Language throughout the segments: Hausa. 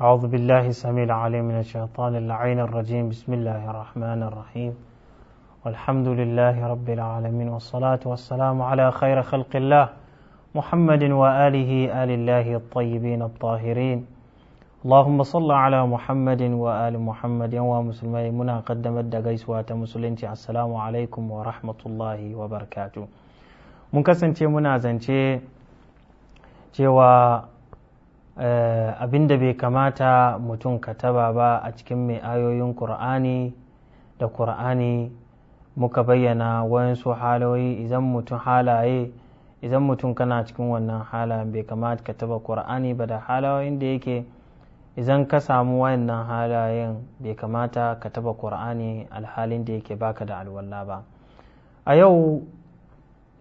أعوذ بالله السميع العليم من الشيطان اللعين الرجيم بسم الله الرحمن الرحيم والحمد لله رب العالمين والصلاة والسلام على خير خلق الله محمد وآله آل الله الطيبين الطاهرين اللهم صل على محمد وآل محمد ومسلمين منا قدمت دقيس واتمسلين السلام عليكم ورحمة الله وبركاته mun kasance muna zance cewa Eh, abin da bai kamata mutum ka taba ba a cikin mai ayoyin ƙur'ani da ƙur'ani muka bayyana wayansu halayoyi idan mutum halaye idan mutum kana cikin wannan halayen bai kamata ka taba ƙur'ani ba da halayen da yake idan ka samu wayannan halayen bai kamata ka taba ƙur'ani alhalin da yake baka da alwala ba a yau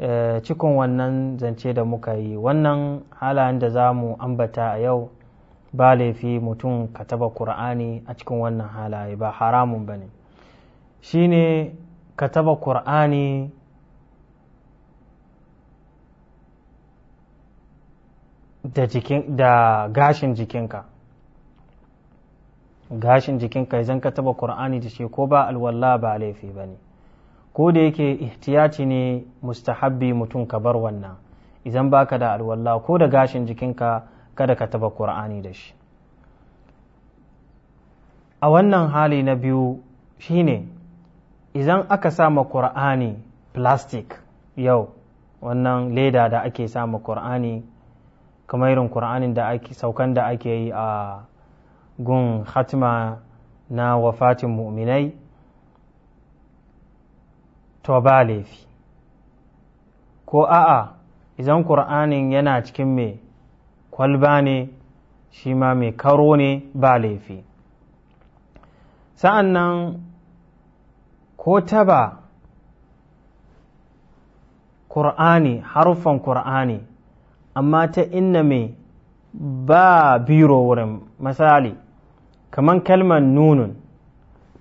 Eh, cikin wannan zance da muka yi wannan halayen da za mu ambata a yau ba laifi mutum ka taba ƙur'ani a cikin wannan halaye ba haramun ba ne shi ne ka taba ƙur'ani da gashin jikinka gashin jikinka idan ka taba ƙur'ani da shi ko ba alwallah ba laifi ba ne ko da yake ihtiyaci ne mustahabbi mutum ka bar wannan idan baka da alwala ko da gashin jikinka kada ka taba qur'ani da shi a wannan hali na biyu shine idan aka sama qur'ani plastic yau wannan leda da ake sama qur'ani kamar irin qur'anin da ake saukan da ake yi a gun hatima na wafatin mu'minai to ba laifi ko a'a idan ƙur'anin yana cikin mai kwalba ne shi ma mai karo ne ba laifi sa'an nan ko taba ƙur'ani harufan ƙur'ani amma ta inna mai ba biro wurin misali kamar kalmar nunun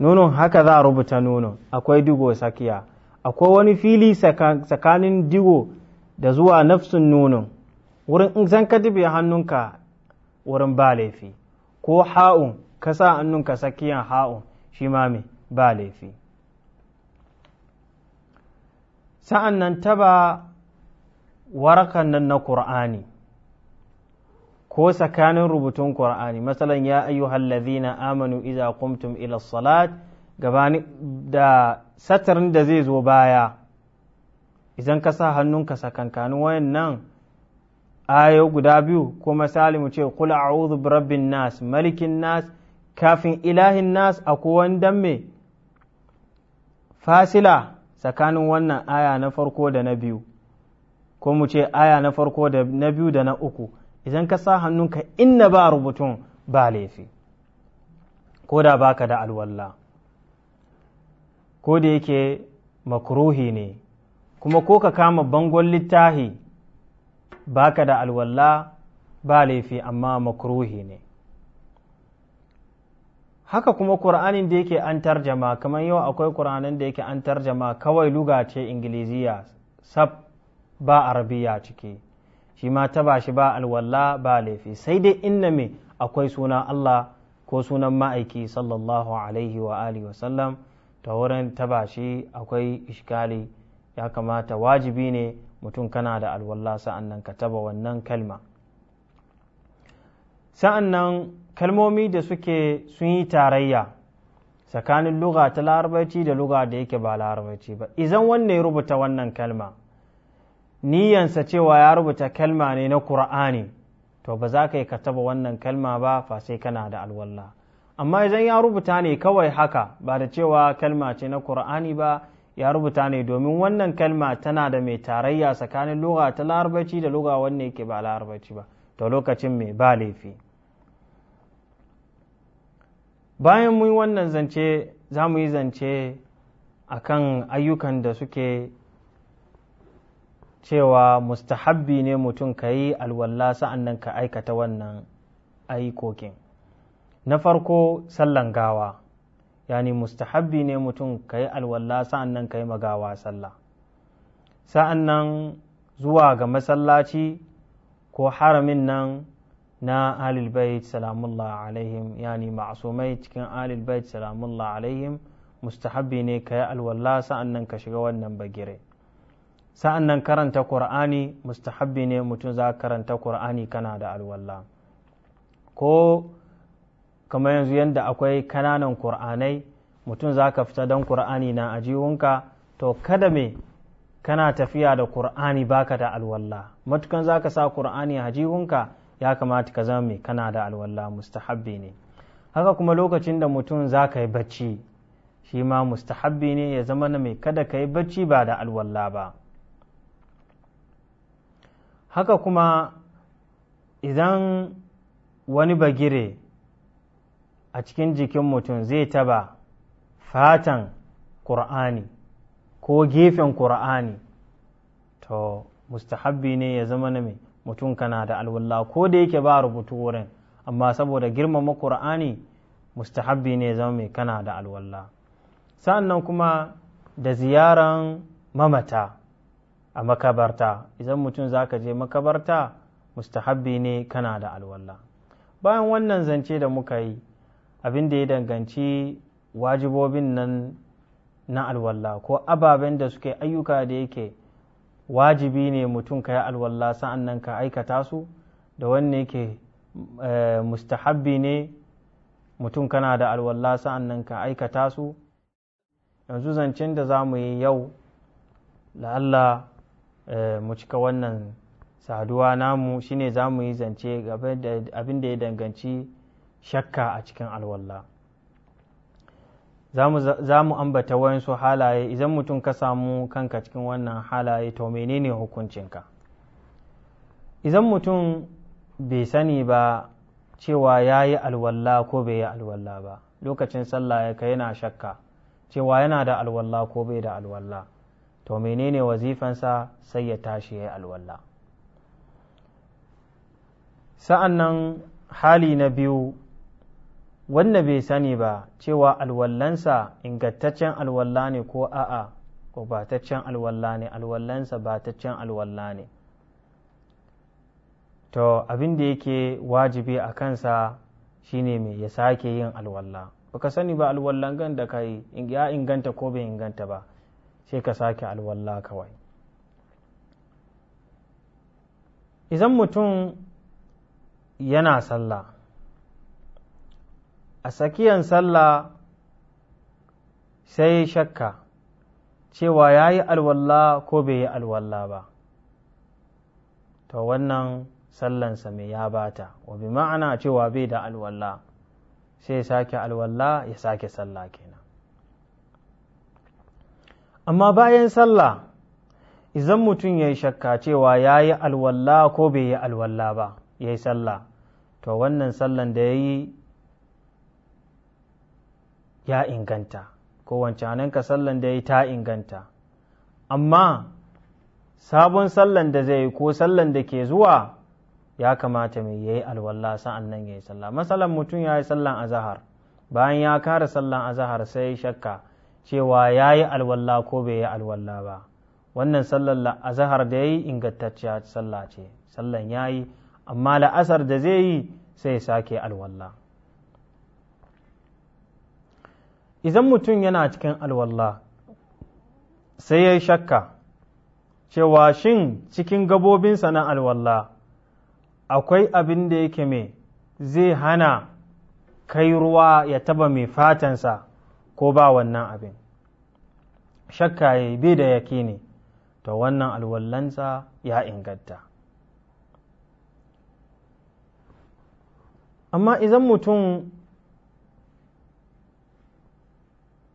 nunun haka za a rubuta nunun akwai digo sakiya akwai wani fili tsakanin digo da zuwa nafsun nunin wurin in zan ka dibe hannunka wurin ba laifi ko ha'un ka sa hannunka tsakiyan ha'un shi ma ba laifi sa'an nan taba warakan nan na ƙur'ani ko tsakanin rubutun ƙur'ani matsalan ya ayyuhallazina amanu iza kumtum ila salat Gabani da satarin da zai zo baya idan ka sa hannunka sakankanin wayan nan ayo guda biyu ko misali mu ce kula a'udhu bi rabbin nas malikin nas kafin ilahin nas a wanda me fasila tsakanin wannan aya na farko da na biyu ko mu ce aya na farko da na biyu da na uku idan ka sa hannunka inna ba rubutun ba laifi ko da baka da alwallah ko da yake makruhi ne kuma ko ka kama bangon littahi ka da alwalla ba laifi amma makruhi ne haka kuma ƙur'anin da yake an tarjama kamar yau akwai ƙur'anin da yake an tarjama kawai luga ce ingiliziya sab ba arabiya ciki shi ma ta ba shi ba alwalla ba laifi sai dai inna me akwai suna allah ko sunan ma'aiki sallallahu alaihi wa wasallam ta wurin taba shi akwai ishkali ya kamata wajibi ne mutum kana da alwallah sa'an nan ka taba wannan kalma sa'an nan kalmomi da suke sun yi tarayya tsakanin luga ta larabaci da luga da yake ba larabaci ba izan wanne ya rubuta wannan kalma niyansa cewa ya rubuta kalma ne na ƙura'ani, to ba za ka yi ka taba wannan kalma ba fa sai kana da alwallah amma idan ya rubuta ne kawai haka ba da cewa kalma ce na ƙur'ani ba ya rubuta ne domin wannan kalma tana da mai tarayya tsakanin lugha ta larabaci da lugha wanne yake ba larabaci ba to lokacin mai ba laifi bayan mu yi wannan zance za mu yi zance a kan ayyukan da suke cewa mustahabbi ne mutum ka yi alwalla sa'an nan ka aikata wannan aikokin na farko sallan gawa yani mustahabbi ne mutum ka yi alwallah sa'an nan ka yi magawa sallah sa'an nan zuwa ga masallaci ko haramin nan na ahlul bait salamullah alaihim yani ma'asumai cikin ahlul bait salamullah alaihim mustahabbi ne ka yi alwallah sa'an nan ka shiga wannan bagire sa'an nan karanta ƙur'ani mustahabbi ne mutum za karanta ƙur'ani kana da alwallah ko kamar yanzu yadda akwai kananan ƙur'anai mutum za ka fita don ƙur'ani na ajihunka to kada me kana tafiya da ƙur'ani baka da alwalla matukan za ka sa ƙur'ani a ya kamata ka zama mai kana da alwalla mustahabbi ne haka kuma lokacin da mutum za ka yi bacci shi ma mustahabbi ne ya zama na mai kada ka yi bacci ba da alwalla ba haka kuma idan wani bagire a cikin jikin mutum zai taba fatan ƙur'ani ko gefen ƙur'ani to mustahabbi ne ya zama na mai mutum kana da alwallah ko da yake ba rubutu wurin amma saboda girmama ƙur'ani mustahabbi ne ya zama mai kana da alwalla sa'annan kuma da ziyaran mamata a makabarta idan mutum za ka je makabarta mustahabbi ne kana da alwallah bayan wannan zance da muka yi abin da ya danganci wajibobin nan na alwalla ko ababen da suke ayyuka da yake wajibi ne mutum ka yi alwalla sa'an nan ka aikata su da wanne yake eh, mustahabbi ne mutum kana da alwalla sa'an nan ka aikata su yanzu zancen da za mu yi yau la'alla eh, mu cika wannan saduwa namu shine za mu yi zance abin da ya danganci shakka a cikin alwallah za mu ambata wayansu halaye idan mutum ka samu kanka cikin wannan halaye to menene hukuncinka idan mutum bai sani ba cewa ya yi alwallah ko bai yi alwallah ba lokacin sallah ya kai yana shakka cewa yana da alwallah ko bai da alwallah to menene wazifansa sai ya tashi ya yi alwallah sa'an nan hali na biyu wanda bai sani ba cewa alwallansa ingantaccen alwalla ne ko a'a ko bataccen alwalla ne alwallansa bataccen alwalla ne to abin da yake wajibi a kansa shine mai ya sake yin alwalla baka sani ba alwallan gan da kai ya inganta ko bai inganta ba sai ka sake alwalla kawai idan mutum yana sallah a tsakiyan sallah sai shakka cewa ya yi alwalla ko bai yi alwalla ba to wannan sallansa mai ya bata wa bi ma'ana cewa bai da alwalla sai ya sake alwalla ya sake sallah kenan amma bayan sallah idan mutum ya yi shakka cewa ya yi alwalla ko bai yi alwalla ba ya yi sallah to wannan sallan da ya yi ya inganta ko wancanin ka sallan da ya ta inganta amma sabon sallan da zai yi ko sallan da ke zuwa ya kamata mai ya yi alwallah sa'an nan ya yi sallah masalan mutum ya yi sallan azahar bayan ya kara sallan azahar sai shakka cewa ya yi alwallah ko bai yi alwallah ba wannan sallan azahar da ya yi ingantacciya sallah ce sallan ya yi amma la'asar da zai yi sai sake alwallah idan mutum yana cikin alwallah sai ya yi shakka cewa shin cikin gabobinsa na alwallah akwai abin da yake mai zai hana kai ruwa ya taba mai fatansa ko ba wannan abin shakka ya bai da yake ne to wannan alwallansa ya inganta amma idan mutum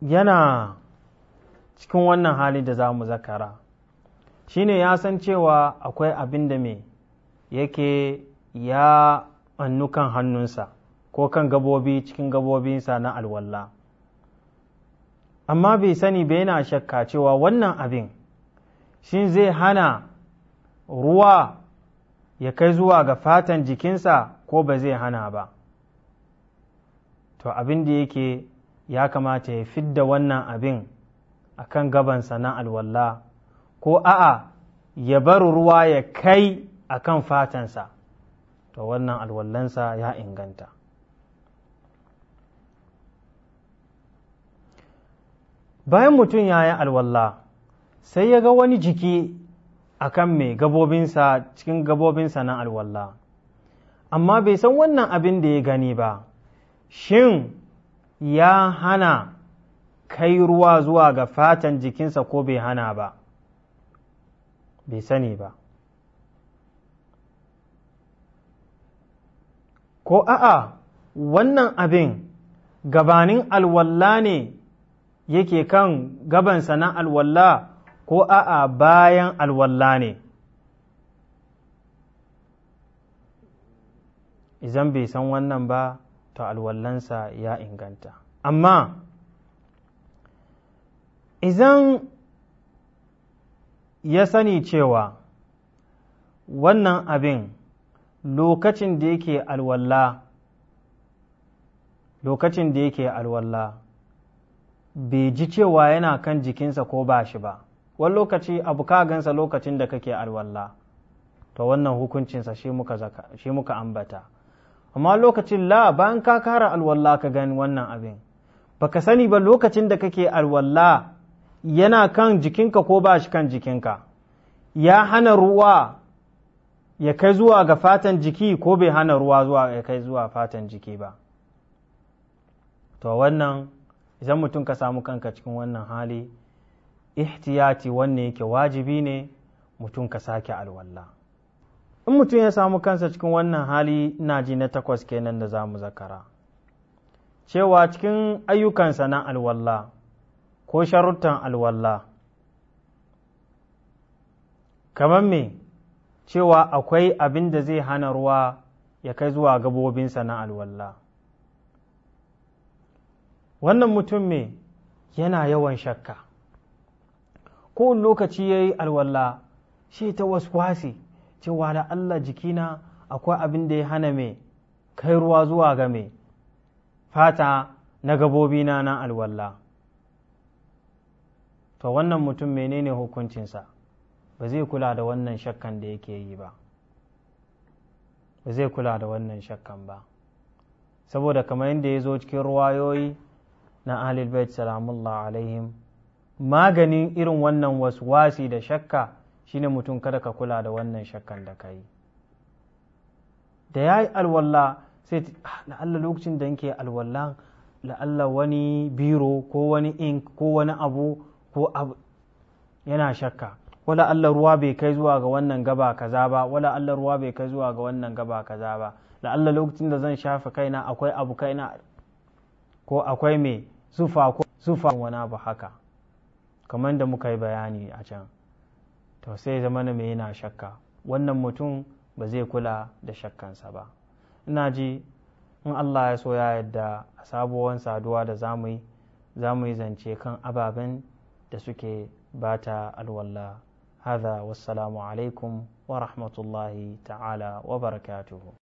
yana cikin wannan hali da za mu zakara shine ya san cewa akwai abin da me yake ya annu kan hannunsa ko kan gabobi cikin gabobinsa na alwallah amma bai sani ba yana shakka cewa wannan abin shi zai hana ruwa ya kai zuwa ga fatan jikinsa ko ba zai hana ba to abin da yake ya kamata ya fidda wannan abin a kan gabansa na alwalla ko a'a ya bar ruwa ya kai a kan fatansa to wannan alwallansa ya inganta bayan mutum ya yi alwalla sai ya ga wani jiki a kan mai gabobinsa cikin gabobinsa na alwalla amma bai san wannan abin da ya gani ba shin ya hana kai ruwa zuwa ga fatan jikinsa ko bai hana ba bai sani ba ko a'a wannan abin gabanin alwalla ne yake kan gabansa na alwalla ko a'a bayan alwalla ne Izan bai san wannan ba to alwallansa ya inganta amma idan ya sani cewa wannan abin lokacin da yake alwalla lokacin da yake alwalla bai ji cewa yana kan jikinsa ko ba shi ba wani lokaci abu ka gansa lokacin da kake alwalla to wannan hukuncinsa shi muka ambata amma lokacin la bayan ka kara alwalla ka gani wannan abin baka sani ba lokacin da kake alwalla yana kan jikinka ko ba shi kan jikinka ya hana ruwa ya kai zuwa ga fatan jiki ko bai hana ruwa zuwa ya kai zuwa fatan jiki ba to wannan idan mutum ka samu kanka cikin wannan hali ihtiyati wanne yake wajibi ne mutum ka sake alwallah in mutum ya samu kansa cikin wannan hali na ji na takwas kenan da za mu zakara cewa cikin ayyukansa na alwalla ko sharuttan alwalla kamar me cewa akwai abin da zai hana ruwa ya kai zuwa gabobinsa na alwalla wannan mutum me yana yawan shakka ko lokaci ya yi alwalla shi ta waswasi cewa da Allah jikina akwai abin da ya hana mai kai ruwa zuwa ga mai fata na gabobina na alwalla to wannan mutum menene hukuncinsa ba zai kula da wannan shakkan da yake yi ba ba zai kula da wannan shakkan ba saboda kamar yadda ya zo cikin ruwayoyi na ahlul bait salamullah alaihim maganin irin wannan wasu wasi da shakka shine mutum kada ka kula da wannan shakkan da ka yi da ya yi alwallah sai ah, la'alla lokacin da yake alwallah la'alla wani biro ko wani ink ko wani abu ko abu yana shakka wala Allah ruwa bai kai zuwa ga wannan gaba kaza ba wala Allah ruwa bai kai zuwa ga wannan gaba kaza ba la'alla lokacin da zan shafa kaina akwai abu kaina ko akwai mai sufa ko sufa wani abu haka kamar da muka yi bayani a can to sai zama na yana shakka wannan mutum ba zai kula da shakkansa ba ina ji in allah ya so ya yadda a sabuwar saduwa da zamu yi zance kan ababen da suke bata alwallah هذا والسلام عليكم ورحمه الله wa وبركاته